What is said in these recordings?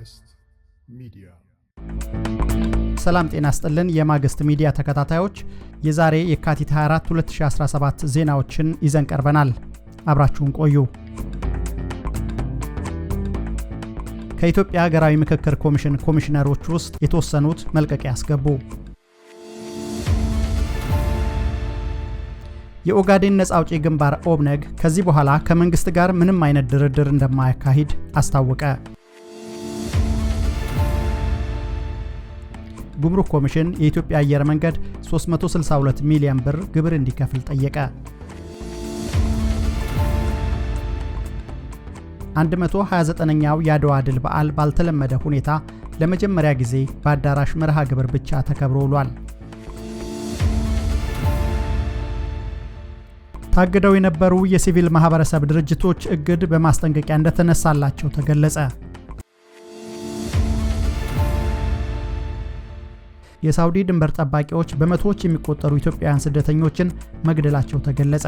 ማግስት ሚዲያ ሰላም ጤና ስጥልን። የማግስት ሚዲያ ተከታታዮች የዛሬ የካቲት 24 2017 ዜናዎችን ይዘን ቀርበናል። አብራችሁን ቆዩ። ከኢትዮጵያ ሀገራዊ ምክክር ኮሚሽን ኮሚሽነሮች ውስጥ የተወሰኑት መልቀቂያ አስገቡ። የኦጋዴን ነጻ አውጪ ግንባር ኦብነግ ከዚህ በኋላ ከመንግስት ጋር ምንም አይነት ድርድር እንደማያካሂድ አስታወቀ። ጉምሩክ ኮሚሽን የኢትዮጵያ አየር መንገድ 362 ሚሊዮን ብር ግብር እንዲከፍል ጠየቀ። 129ኛው የአድዋ ድል በዓል ባልተለመደ ሁኔታ ለመጀመሪያ ጊዜ በአዳራሽ መርሃ ግብር ብቻ ተከብሮ ውሏል። ታግደው የነበሩ የሲቪል ማህበረሰብ ድርጅቶች እግድ በማስጠንቀቂያ እንደተነሳላቸው ተገለጸ። የሳውዲ ድንበር ጠባቂዎች በመቶዎች የሚቆጠሩ ኢትዮጵያውያን ስደተኞችን መግደላቸው ተገለጸ።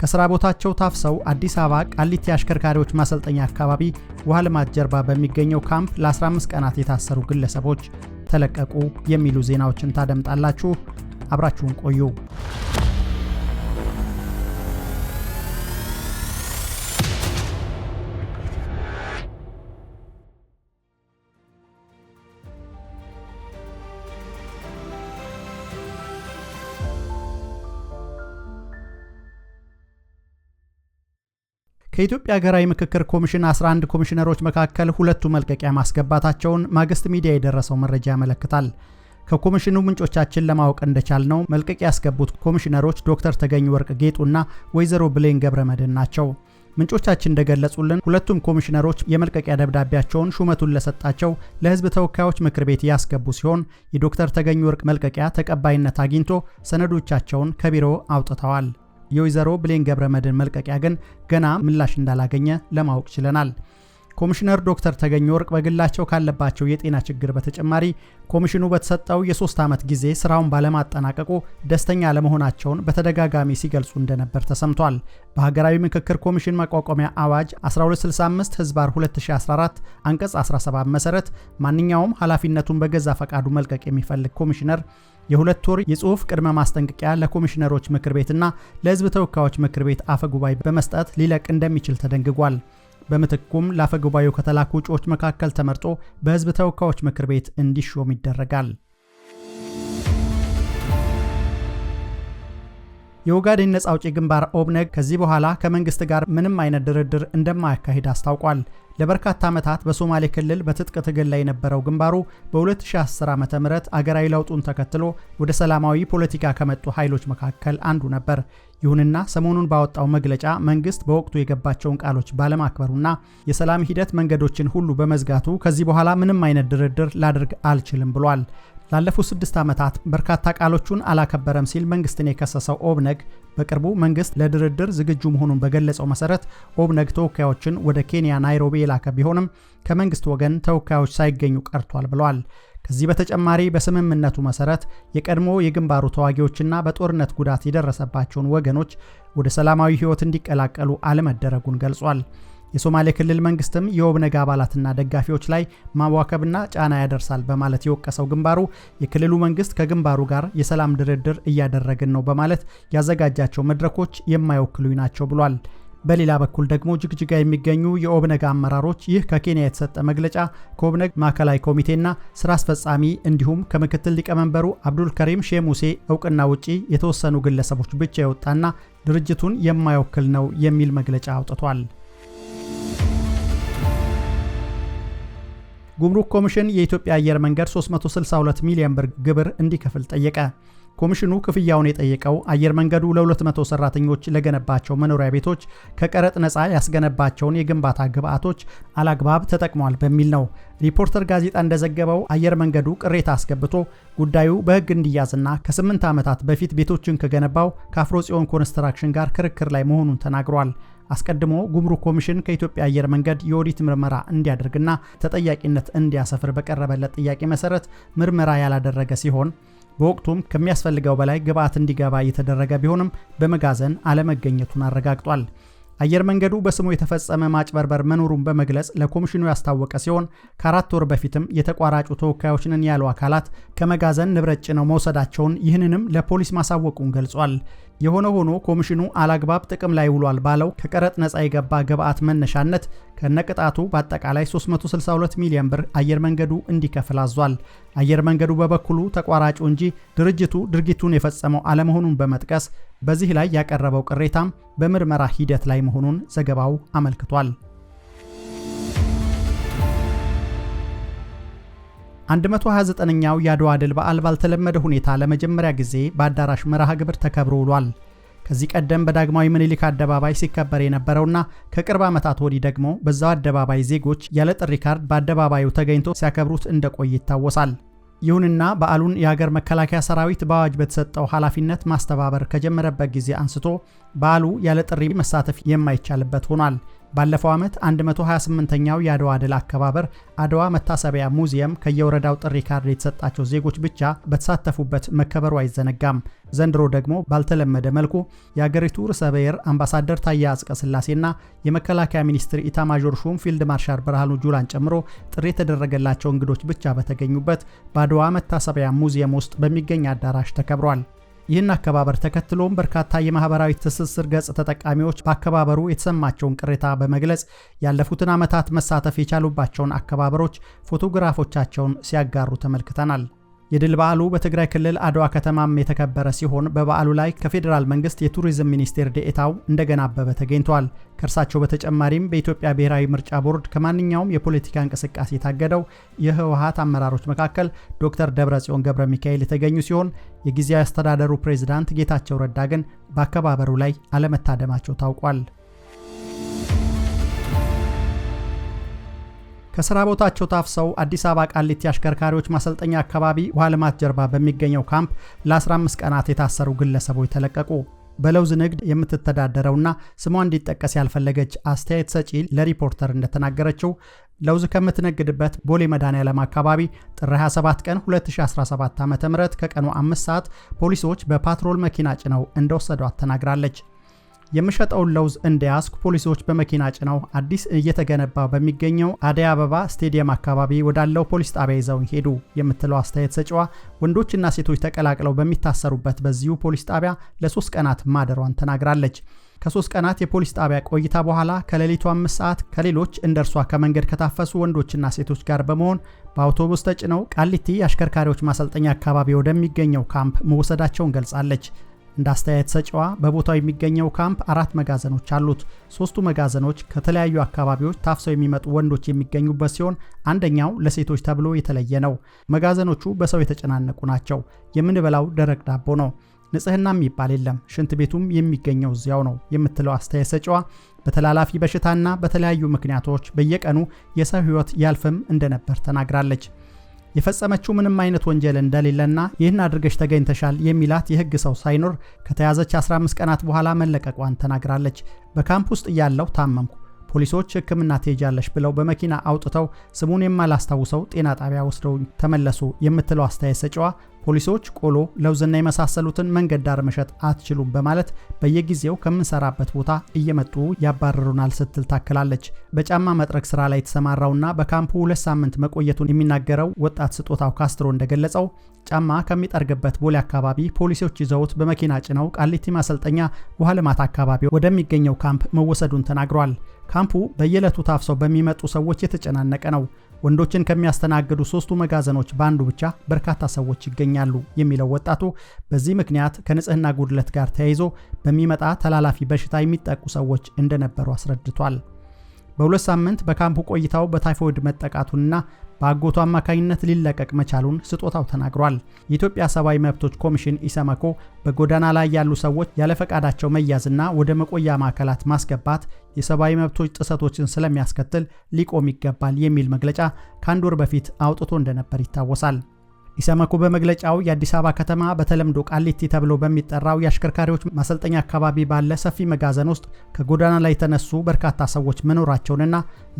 ከስራ ቦታቸው ታፍሰው አዲስ አበባ ቃሊቲ አሽከርካሪዎች ማሰልጠኛ አካባቢ ውሃ ልማት ጀርባ በሚገኘው ካምፕ ለ15 ቀናት የታሰሩ ግለሰቦች ተለቀቁ የሚሉ ዜናዎችን ታደምጣላችሁ። አብራችሁን ቆዩ። ከኢትዮጵያ ሀገራዊ ምክክር ኮሚሽን 11 ኮሚሽነሮች መካከል ሁለቱ መልቀቂያ ማስገባታቸውን ማግስት ሚዲያ የደረሰው መረጃ ያመለክታል። ከኮሚሽኑ ምንጮቻችን ለማወቅ እንደቻልነው መልቀቂያ ያስገቡት ኮሚሽነሮች ዶክተር ተገኝ ወርቅ ጌጡና ወይዘሮ ብሌን ገብረ መድን ናቸው። ምንጮቻችን እንደገለጹልን ሁለቱም ኮሚሽነሮች የመልቀቂያ ደብዳቤያቸውን ሹመቱን ለሰጣቸው ለሕዝብ ተወካዮች ምክር ቤት ያስገቡ ሲሆን የዶክተር ተገኝ ወርቅ መልቀቂያ ተቀባይነት አግኝቶ ሰነዶቻቸውን ከቢሮ አውጥተዋል። የወይዘሮ ብሌን ገብረ መድን መልቀቂያ ግን ገና ምላሽ እንዳላገኘ ለማወቅ ችለናል። ኮሚሽነር ዶክተር ተገኘ ወርቅ በግላቸው ካለባቸው የጤና ችግር በተጨማሪ ኮሚሽኑ በተሰጠው የሶስት ዓመት ጊዜ ስራውን ባለማጠናቀቁ ደስተኛ ለመሆናቸውን በተደጋጋሚ ሲገልጹ እንደነበር ተሰምቷል። በሀገራዊ ምክክር ኮሚሽን ማቋቋሚያ አዋጅ 1265 ህዝባር 2014 አንቀጽ 17 መሰረት ማንኛውም ኃላፊነቱን በገዛ ፈቃዱ መልቀቅ የሚፈልግ ኮሚሽነር የሁለት ወር የጽሁፍ ቅድመ ማስጠንቀቂያ ለኮሚሽነሮች ምክር ቤትና ለህዝብ ተወካዮች ምክር ቤት አፈ ጉባኤ በመስጠት ሊለቅ እንደሚችል ተደንግጓል። በምትኩም ለአፈ ጉባኤው ከተላኩ እጩዎች መካከል ተመርጦ በህዝብ ተወካዮች ምክር ቤት እንዲሾም ይደረጋል። የኦጋዴን ነጻ አውጪ ግንባር ኦብነግ ከዚህ በኋላ ከመንግስት ጋር ምንም አይነት ድርድር እንደማያካሂድ አስታውቋል። ለበርካታ ዓመታት በሶማሌ ክልል በትጥቅ ትግል ላይ የነበረው ግንባሩ በ2010 ዓ ም አገራዊ ለውጡን ተከትሎ ወደ ሰላማዊ ፖለቲካ ከመጡ ኃይሎች መካከል አንዱ ነበር። ይሁንና ሰሞኑን ባወጣው መግለጫ መንግስት በወቅቱ የገባቸውን ቃሎች ባለማክበሩና የሰላም ሂደት መንገዶችን ሁሉ በመዝጋቱ ከዚህ በኋላ ምንም አይነት ድርድር ላድርግ አልችልም ብሏል። ላለፉት ስድስት ዓመታት በርካታ ቃሎቹን አላከበረም ሲል መንግስትን የከሰሰው ኦብነግ በቅርቡ መንግስት ለድርድር ዝግጁ መሆኑን በገለጸው መሰረት ኦብነግ ተወካዮችን ወደ ኬንያ ናይሮቢ የላከ ቢሆንም ከመንግስት ወገን ተወካዮች ሳይገኙ ቀርቷል ብለዋል። ከዚህ በተጨማሪ በስምምነቱ መሰረት የቀድሞ የግንባሩ ተዋጊዎችና በጦርነት ጉዳት የደረሰባቸውን ወገኖች ወደ ሰላማዊ ህይወት እንዲቀላቀሉ አለመደረጉን ገልጿል። የሶማሌ ክልል መንግስትም የኦብነግ አባላትና ደጋፊዎች ላይ ማዋከብና ጫና ያደርሳል በማለት የወቀሰው ግንባሩ የክልሉ መንግስት ከግንባሩ ጋር የሰላም ድርድር እያደረግን ነው በማለት ያዘጋጃቸው መድረኮች የማይወክሉኝ ናቸው ብሏል። በሌላ በኩል ደግሞ ጅግጅጋ የሚገኙ የኦብነግ አመራሮች ይህ ከኬንያ የተሰጠ መግለጫ ከኦብነግ ማዕከላዊ ኮሚቴና ስራ አስፈጻሚ እንዲሁም ከምክትል ሊቀመንበሩ አብዱልከሪም ሼህ ሙሴ እውቅና ውጪ የተወሰኑ ግለሰቦች ብቻ የወጣና ድርጅቱን የማይወክል ነው የሚል መግለጫ አውጥቷል። ጉምሩክ ኮሚሽን የኢትዮጵያ አየር መንገድ 362 ሚሊዮን ብር ግብር እንዲከፍል ጠየቀ። ኮሚሽኑ ክፍያውን የጠየቀው አየር መንገዱ ለ200 ሰራተኞች ለገነባቸው መኖሪያ ቤቶች ከቀረጥ ነፃ ያስገነባቸውን የግንባታ ግብዓቶች አላግባብ ተጠቅሟል በሚል ነው። ሪፖርተር ጋዜጣ እንደዘገበው አየር መንገዱ ቅሬታ አስገብቶ ጉዳዩ በሕግ እንዲያዝና ከ8 ዓመታት በፊት ቤቶችን ከገነባው ከአፍሮጽዮን ኮንስትራክሽን ጋር ክርክር ላይ መሆኑን ተናግሯል። አስቀድሞ ጉምሩክ ኮሚሽን ከኢትዮጵያ አየር መንገድ የኦዲት ምርመራ እንዲያደርግና ተጠያቂነት እንዲያሰፍር በቀረበለት ጥያቄ መሰረት ምርመራ ያላደረገ ሲሆን በወቅቱም ከሚያስፈልገው በላይ ግብዓት እንዲገባ እየተደረገ ቢሆንም በመጋዘን አለመገኘቱን አረጋግጧል። አየር መንገዱ በስሙ የተፈጸመ ማጭበርበር መኖሩን በመግለጽ ለኮሚሽኑ ያስታወቀ ሲሆን ከአራት ወር በፊትም የተቋራጩ ተወካዮችንን ያሉ አካላት ከመጋዘን ንብረት ጭነው መውሰዳቸውን ይህንንም ለፖሊስ ማሳወቁን ገልጿል። የሆነ ሆኖ ኮሚሽኑ አላግባብ ጥቅም ላይ ውሏል ባለው ከቀረጥ ነፃ የገባ ግብዓት መነሻነት ከነቅጣቱ በአጠቃላይ 362 ሚሊዮን ብር አየር መንገዱ እንዲከፍል አዟል። አየር መንገዱ በበኩሉ ተቋራጩ እንጂ ድርጅቱ ድርጊቱን የፈጸመው አለመሆኑን በመጥቀስ በዚህ ላይ ያቀረበው ቅሬታም በምርመራ ሂደት ላይ መሆኑን ዘገባው አመልክቷል። 129ኛው የአድዋ ድል በዓል ባልተለመደ ሁኔታ ለመጀመሪያ ጊዜ በአዳራሽ መርሃ ግብር ተከብሮ ውሏል። ከዚህ ቀደም በዳግማዊ ምኒልክ አደባባይ ሲከበር የነበረውና ከቅርብ ዓመታት ወዲህ ደግሞ በዛው አደባባይ ዜጎች ያለ ጥሪ ካርድ በአደባባዩ ተገኝቶ ሲያከብሩት እንደቆየ ይታወሳል። ይሁንና በዓሉን የሀገር መከላከያ ሰራዊት በአዋጅ በተሰጠው ኃላፊነት ማስተባበር ከጀመረበት ጊዜ አንስቶ በዓሉ ያለ ጥሪ መሳተፍ የማይቻልበት ሆኗል። ባለፈው ዓመት 128ኛው የአድዋ ድል አከባበር አድዋ መታሰቢያ ሙዚየም ከየወረዳው ጥሪ ካርድ የተሰጣቸው ዜጎች ብቻ በተሳተፉበት መከበሩ አይዘነጋም። ዘንድሮ ደግሞ ባልተለመደ መልኩ የአገሪቱ ርዕሰ ብሔር አምባሳደር ታዬ አጽቀ ሥላሴና የመከላከያ ሚኒስትር ኢታማዦር ሹም ፊልድ ማርሻል ብርሃኑ ጁላን ጨምሮ ጥሪ የተደረገላቸው እንግዶች ብቻ በተገኙበት በአድዋ መታሰቢያ ሙዚየም ውስጥ በሚገኝ አዳራሽ ተከብሯል። ይህን አከባበር ተከትሎም በርካታ የማህበራዊ ትስስር ገጽ ተጠቃሚዎች በአከባበሩ የተሰማቸውን ቅሬታ በመግለጽ ያለፉትን ዓመታት መሳተፍ የቻሉባቸውን አከባበሮች ፎቶግራፎቻቸውን ሲያጋሩ ተመልክተናል። የድል በዓሉ በትግራይ ክልል አድዋ ከተማም የተከበረ ሲሆን በበዓሉ ላይ ከፌዴራል መንግስት የቱሪዝም ሚኒስቴር ዴኤታው እንደገና አበበ ተገኝቷል። ከእርሳቸው በተጨማሪም በኢትዮጵያ ብሔራዊ ምርጫ ቦርድ ከማንኛውም የፖለቲካ እንቅስቃሴ የታገደው የህወሀት አመራሮች መካከል ዶክተር ደብረጽዮን ገብረ ሚካኤል የተገኙ ሲሆን የጊዜያዊ አስተዳደሩ ፕሬዝዳንት ጌታቸው ረዳ ግን በአከባበሩ ላይ አለመታደማቸው ታውቋል። ከስራ ቦታቸው ታፍሰው አዲስ አበባ ቃሊቲ አሽከርካሪዎች ማሰልጠኛ አካባቢ ውሃ ልማት ጀርባ በሚገኘው ካምፕ ለ15 ቀናት የታሰሩ ግለሰቦች ተለቀቁ። በለውዝ ንግድ የምትተዳደረውና ስሟ እንዲጠቀስ ያልፈለገች አስተያየት ሰጪ ለሪፖርተር እንደተናገረችው ለውዝ ከምትነግድበት ቦሌ መድኃኔዓለም አካባቢ ጥር 27 ቀን 2017 ዓ ም ከቀኑ 5 ሰዓት ፖሊሶች በፓትሮል መኪና ጭነው እንደወሰዷት ተናግራለች። የምሸጠውን ለውዝ እንደያዝኩ ፖሊሶች በመኪና ጭነው አዲስ እየተገነባ በሚገኘው አደይ አበባ ስቴዲየም አካባቢ ወዳለው ፖሊስ ጣቢያ ይዘውኝ ሄዱ የምትለው አስተያየት ሰጪዋ ወንዶችና ሴቶች ተቀላቅለው በሚታሰሩበት በዚሁ ፖሊስ ጣቢያ ለሶስት ቀናት ማደሯን ተናግራለች። ከሶስት ቀናት የፖሊስ ጣቢያ ቆይታ በኋላ ከሌሊቱ አምስት ሰዓት ከሌሎች እንደ እርሷ ከመንገድ ከታፈሱ ወንዶችና ሴቶች ጋር በመሆን በአውቶቡስ ተጭነው ቃሊቲ አሽከርካሪዎች ማሰልጠኛ አካባቢ ወደሚገኘው ካምፕ መወሰዳቸውን ገልጻለች። እንደ አስተያየት ሰጪዋ በቦታው የሚገኘው ካምፕ አራት መጋዘኖች አሉት። ሶስቱ መጋዘኖች ከተለያዩ አካባቢዎች ታፍሰው የሚመጡ ወንዶች የሚገኙበት ሲሆን አንደኛው ለሴቶች ተብሎ የተለየ ነው። መጋዘኖቹ በሰው የተጨናነቁ ናቸው። የምንበላው ደረቅ ዳቦ ነው። ንጽህና የሚባል የለም። ሽንት ቤቱም የሚገኘው እዚያው ነው የምትለው አስተያየት ሰጪዋ በተላላፊ በሽታና በተለያዩ ምክንያቶች በየቀኑ የሰው ሕይወት ያልፍም እንደነበር ተናግራለች። የፈጸመችው ምንም አይነት ወንጀል እንደሌለና ይህን አድርገሽ ተገኝተሻል የሚላት የህግ ሰው ሳይኖር ከተያዘች 15 ቀናት በኋላ መለቀቋን ተናግራለች። በካምፕ ውስጥ እያለሁ ታመምኩ። ፖሊሶች ሕክምና ትሄጃለሽ ብለው በመኪና አውጥተው ስሙን የማላስታውሰው ጤና ጣቢያ ወስደው ተመለሱ የምትለው አስተያየት ሰጪዋ ፖሊሶች ቆሎ፣ ለውዝና የመሳሰሉትን መንገድ ዳር መሸጥ አትችሉም በማለት በየጊዜው ከምንሰራበት ቦታ እየመጡ ያባረሩናል ስትል ታክላለች። በጫማ መጥረግ ስራ ላይ የተሰማራውና በካምፑ ሁለት ሳምንት መቆየቱን የሚናገረው ወጣት ስጦታው ካስትሮ እንደገለጸው ጫማ ከሚጠርግበት ቦሌ አካባቢ ፖሊሶች ይዘውት በመኪና ጭነው ቃሊቲ ማሰልጠኛ ውሃ ልማት አካባቢ ወደሚገኘው ካምፕ መወሰዱን ተናግሯል። ካምፑ በየዕለቱ ታፍሰው በሚመጡ ሰዎች የተጨናነቀ ነው። ወንዶችን ከሚያስተናግዱ ሶስቱ መጋዘኖች በአንዱ ብቻ በርካታ ሰዎች ይገኛሉ የሚለው ወጣቱ በዚህ ምክንያት ከንጽህና ጉድለት ጋር ተያይዞ በሚመጣ ተላላፊ በሽታ የሚጠቁ ሰዎች እንደነበሩ አስረድቷል። በሁለት ሳምንት በካምፑ ቆይታው በታይፎይድ መጠቃቱንና በአጎቱ አማካኝነት ሊለቀቅ መቻሉን ስጦታው ተናግሯል። የኢትዮጵያ ሰብአዊ መብቶች ኮሚሽን ኢሰመኮ በጎዳና ላይ ያሉ ሰዎች ያለፈቃዳቸው መያዝና ወደ መቆያ ማዕከላት ማስገባት የሰብአዊ መብቶች ጥሰቶችን ስለሚያስከትል ሊቆም ይገባል የሚል መግለጫ ከአንድ ወር በፊት አውጥቶ እንደነበር ይታወሳል። ኢሰመኮ በመግለጫው የአዲስ አበባ ከተማ በተለምዶ ቃሊቲ ተብሎ በሚጠራው የአሽከርካሪዎች ማሰልጠኛ አካባቢ ባለ ሰፊ መጋዘን ውስጥ ከጎዳና ላይ የተነሱ በርካታ ሰዎች መኖራቸውንና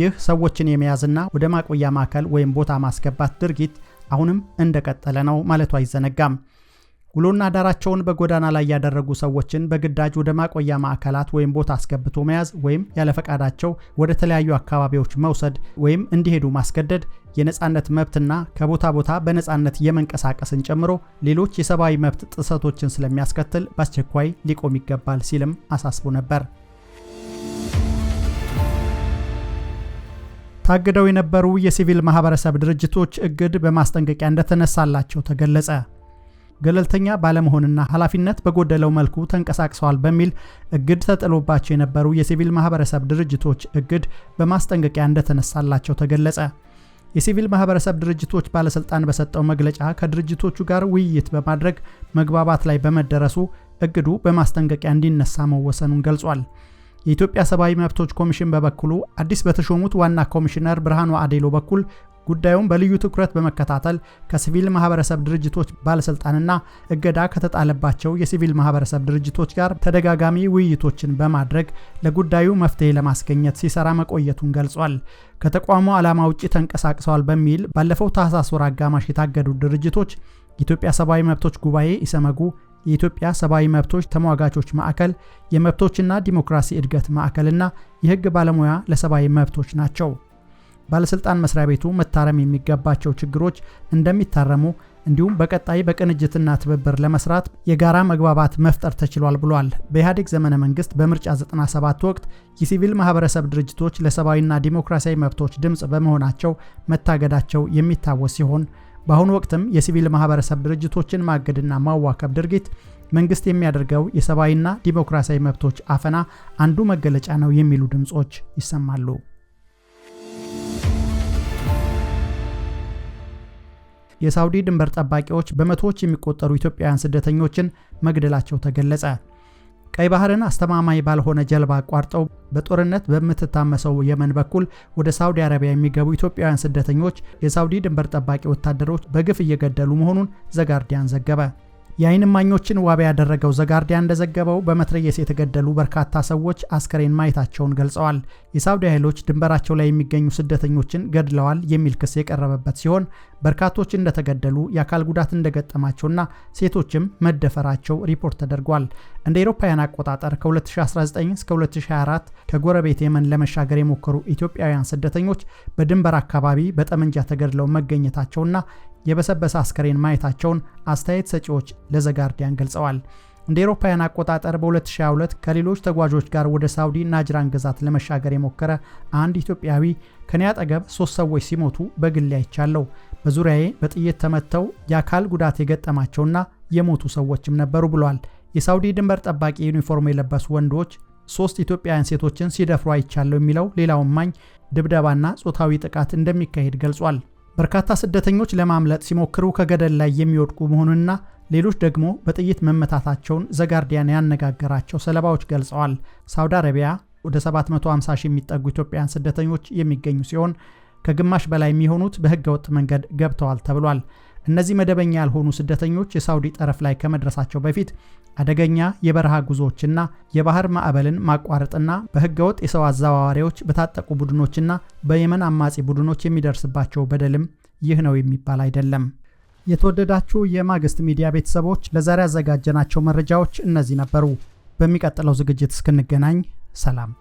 ይህ ሰዎችን የመያዝና ወደ ማቆያ ማዕከል ወይም ቦታ ማስገባት ድርጊት አሁንም እንደቀጠለ ነው ማለቱ አይዘነጋም። ውሎና አዳራቸውን በጎዳና ላይ ያደረጉ ሰዎችን በግዳጅ ወደ ማቆያ ማዕከላት ወይም ቦታ አስገብቶ መያዝ ወይም ያለፈቃዳቸው ወደ ተለያዩ አካባቢዎች መውሰድ ወይም እንዲሄዱ ማስገደድ የነፃነት መብትና ከቦታ ቦታ በነፃነት የመንቀሳቀስን ጨምሮ ሌሎች የሰብአዊ መብት ጥሰቶችን ስለሚያስከትል በአስቸኳይ ሊቆም ይገባል ሲልም አሳስቦ ነበር። ታግደው የነበሩ የሲቪል ማህበረሰብ ድርጅቶች እግድ በማስጠንቀቂያ እንደተነሳላቸው ተገለጸ። ገለልተኛ ባለመሆንና ኃላፊነት በጎደለው መልኩ ተንቀሳቅሰዋል በሚል እግድ ተጥሎባቸው የነበሩ የሲቪል ማህበረሰብ ድርጅቶች እግድ በማስጠንቀቂያ እንደተነሳላቸው ተገለጸ። የሲቪል ማህበረሰብ ድርጅቶች ባለስልጣን በሰጠው መግለጫ ከድርጅቶቹ ጋር ውይይት በማድረግ መግባባት ላይ በመደረሱ እግዱ በማስጠንቀቂያ እንዲነሳ መወሰኑን ገልጿል። የኢትዮጵያ ሰብአዊ መብቶች ኮሚሽን በበኩሉ አዲስ በተሾሙት ዋና ኮሚሽነር ብርሃኑ አዴሎ በኩል ጉዳዩን በልዩ ትኩረት በመከታተል ከሲቪል ማህበረሰብ ድርጅቶች ባለስልጣንና እገዳ ከተጣለባቸው የሲቪል ማህበረሰብ ድርጅቶች ጋር ተደጋጋሚ ውይይቶችን በማድረግ ለጉዳዩ መፍትሄ ለማስገኘት ሲሰራ መቆየቱን ገልጿል። ከተቋሙ ዓላማ ውጪ ተንቀሳቅሰዋል በሚል ባለፈው ታህሳስ ወር አጋማሽ የታገዱ ድርጅቶች የኢትዮጵያ ሰብአዊ መብቶች ጉባኤ ኢሰመጉ፣ የኢትዮጵያ ሰብአዊ መብቶች ተሟጋቾች ማዕከል፣ የመብቶችና ዲሞክራሲ እድገት ማዕከልና የህግ ባለሙያ ለሰብአዊ መብቶች ናቸው። ባለስልጣን መስሪያ ቤቱ መታረም የሚገባቸው ችግሮች እንደሚታረሙ እንዲሁም በቀጣይ በቅንጅትና ትብብር ለመስራት የጋራ መግባባት መፍጠር ተችሏል ብሏል። በኢህአዴግ ዘመነ መንግስት በምርጫ 97 ወቅት የሲቪል ማህበረሰብ ድርጅቶች ለሰብአዊና ዲሞክራሲያዊ መብቶች ድምፅ በመሆናቸው መታገዳቸው የሚታወስ ሲሆን በአሁኑ ወቅትም የሲቪል ማህበረሰብ ድርጅቶችን ማገድና ማዋከብ ድርጊት መንግስት የሚያደርገው የሰብአዊና ዲሞክራሲያዊ መብቶች አፈና አንዱ መገለጫ ነው የሚሉ ድምጾች ይሰማሉ። የሳውዲ ድንበር ጠባቂዎች በመቶዎች የሚቆጠሩ ኢትዮጵያውያን ስደተኞችን መግደላቸው ተገለጸ። ቀይ ባህርን አስተማማኝ ባልሆነ ጀልባ አቋርጠው በጦርነት በምትታመሰው የመን በኩል ወደ ሳውዲ አረቢያ የሚገቡ ኢትዮጵያውያን ስደተኞች የሳውዲ ድንበር ጠባቂ ወታደሮች በግፍ እየገደሉ መሆኑን ዘጋርዲያን ዘገበ። የአይን ማኞችን ዋቢ ያደረገው ዘጋርዲያን እንደዘገበው በመትረየስ የተገደሉ በርካታ ሰዎች አስከሬን ማየታቸውን ገልጸዋል። የሳውዲ ኃይሎች ድንበራቸው ላይ የሚገኙ ስደተኞችን ገድለዋል የሚል ክስ የቀረበበት ሲሆን በርካቶች እንደተገደሉ የአካል ጉዳት እንደገጠማቸውና ሴቶችም መደፈራቸው ሪፖርት ተደርጓል። እንደ ኤሮፓውያን አቆጣጠር ከ2019 እስከ 2024 ከጎረቤት የመን ለመሻገር የሞከሩ ኢትዮጵያውያን ስደተኞች በድንበር አካባቢ በጠመንጃ ተገድለው መገኘታቸውና የበሰበሰ አስከሬን ማየታቸውን አስተያየት ሰጪዎች ለዘጋርዲያን ገልጸዋል። እንደ ኤሮፓውያን አቆጣጠር በ2022 ከሌሎች ተጓዦች ጋር ወደ ሳውዲ ናጅራን ግዛት ለመሻገር የሞከረ አንድ ኢትዮጵያዊ ከኔ አጠገብ ሶስት ሰዎች ሲሞቱ በግሌ አይቻለሁ። በዙሪያዬ በጥይት ተመተው የአካል ጉዳት የገጠማቸውና የሞቱ ሰዎችም ነበሩ ብሏል። የሳውዲ ድንበር ጠባቂ ዩኒፎርም የለበሱ ወንዶች ሶስት ኢትዮጵያውያን ሴቶችን ሲደፍሩ አይቻለሁ የሚለው ሌላው እማኝ ድብደባና ጾታዊ ጥቃት እንደሚካሄድ ገልጿል። በርካታ ስደተኞች ለማምለጥ ሲሞክሩ ከገደል ላይ የሚወድቁ መሆኑንና ሌሎች ደግሞ በጥይት መመታታቸውን ዘጋርዲያን ያነጋገራቸው ሰለባዎች ገልጸዋል። ሳውዲ አረቢያ ወደ 750 ሺህ የሚጠጉ ኢትዮጵያውያን ስደተኞች የሚገኙ ሲሆን ከግማሽ በላይ የሚሆኑት በህገ ወጥ መንገድ ገብተዋል ተብሏል። እነዚህ መደበኛ ያልሆኑ ስደተኞች የሳውዲ ጠረፍ ላይ ከመድረሳቸው በፊት አደገኛ የበረሃ ጉዞዎችና የባህር ማዕበልን ማቋረጥና በህገወጥ የሰው አዘዋዋሪዎች፣ በታጠቁ ቡድኖችና በየመን አማጺ ቡድኖች የሚደርስባቸው በደልም ይህ ነው የሚባል አይደለም። የተወደዳችሁ የማግስት ሚዲያ ቤተሰቦች ለዛሬ ያዘጋጀናቸው መረጃዎች እነዚህ ነበሩ። በሚቀጥለው ዝግጅት እስክንገናኝ ሰላም።